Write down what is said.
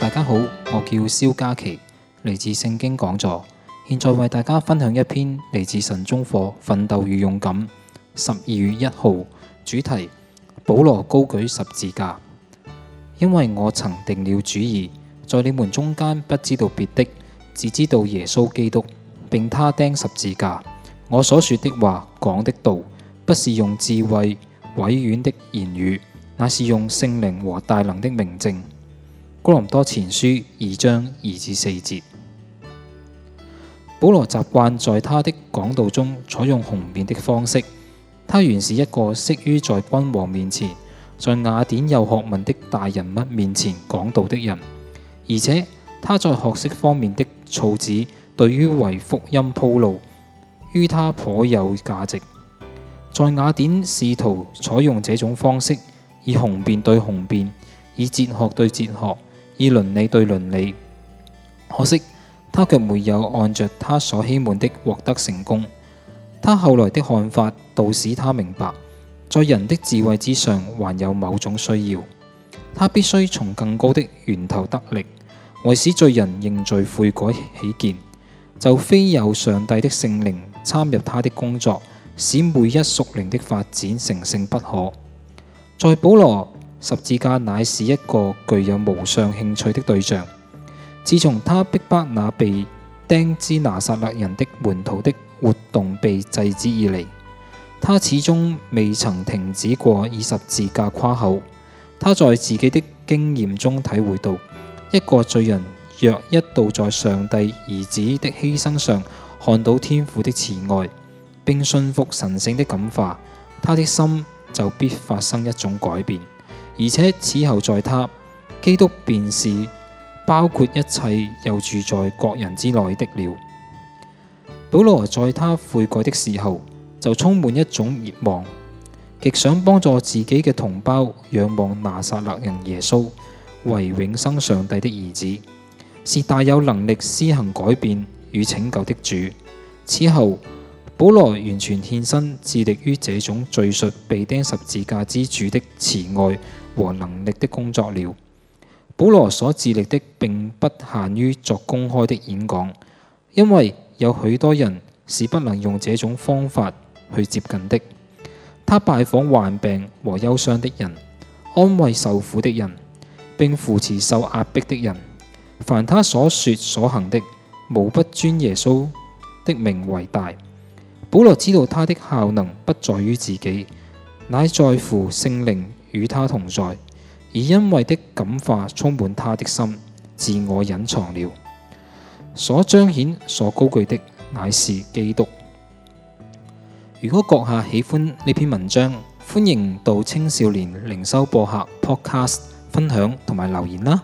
大家好，我叫肖嘉琪，嚟自聖經講座，現在為大家分享一篇嚟自神中課《奮鬥與勇敢》十二月一號主題：保羅高舉十字架，因為我曾定了主意，在你們中間不知道別的，只知道耶穌基督，並他釘十字架。我所說的話，講的道，不是用智慧委婉的言語，乃是用聖靈和大能的明證。《哥林多前書》二章二至四節，保羅習慣在他的講道中採用雄辯的方式。他原是一個適於在君王面前、在雅典有學問的大人物面前講道的人，而且他在學識方面的造詣，對於為福音鋪路，於他頗有價值。在雅典試圖採用這種方式，以雄辯對雄辯，以哲學對哲學。以倫理對倫理，可惜他卻沒有按著他所希望的獲得成功。他後來的看法，導使他明白，在人的智慧之上，還有某種需要。他必須從更高的源頭得力，為使罪人認罪悔改起見，就非有上帝的聖靈參入他的工作，使每一屬靈的發展成聖不可。在保羅，十字架乃是一個具有無上興趣的對象。自從他逼迫那被釘之拿撒勒人的門徒的活動被制止以嚟，他始終未曾停止過以十字架誇口。他在自己的經驗中體會到，一個罪人若一度在上帝兒子的犧牲上看到天父的慈愛，並信服神聖的感化，他的心就必發生一種改變。而且此後，在他基督便是包括一切，又住在各人之內的了。保羅在他悔改的時候，就充滿一種熱望，極想幫助自己嘅同胞仰望拿撒勒人耶穌為永生上帝的兒子，是大有能力施行改變與拯救的主。此後。保羅完全獻身，致力於這種敘述被釘十字架之主的慈愛和能力的工作了。保羅所致力的，並不限於作公開的演講，因為有許多人是不能用這種方法去接近的。他拜訪患病和憂傷的人，安慰受苦的人，並扶持受壓迫的人。凡他所說所行的，無不尊耶穌的名為大。保羅知道他的效能不在於自己，乃在乎聖靈與他同在，而因為的感化充滿他的心，自我隱藏了，所彰顯、所高舉的乃是基督。如果閣下喜歡呢篇文章，歡迎到青少年靈修播客 Podcast 分享同埋留言啦。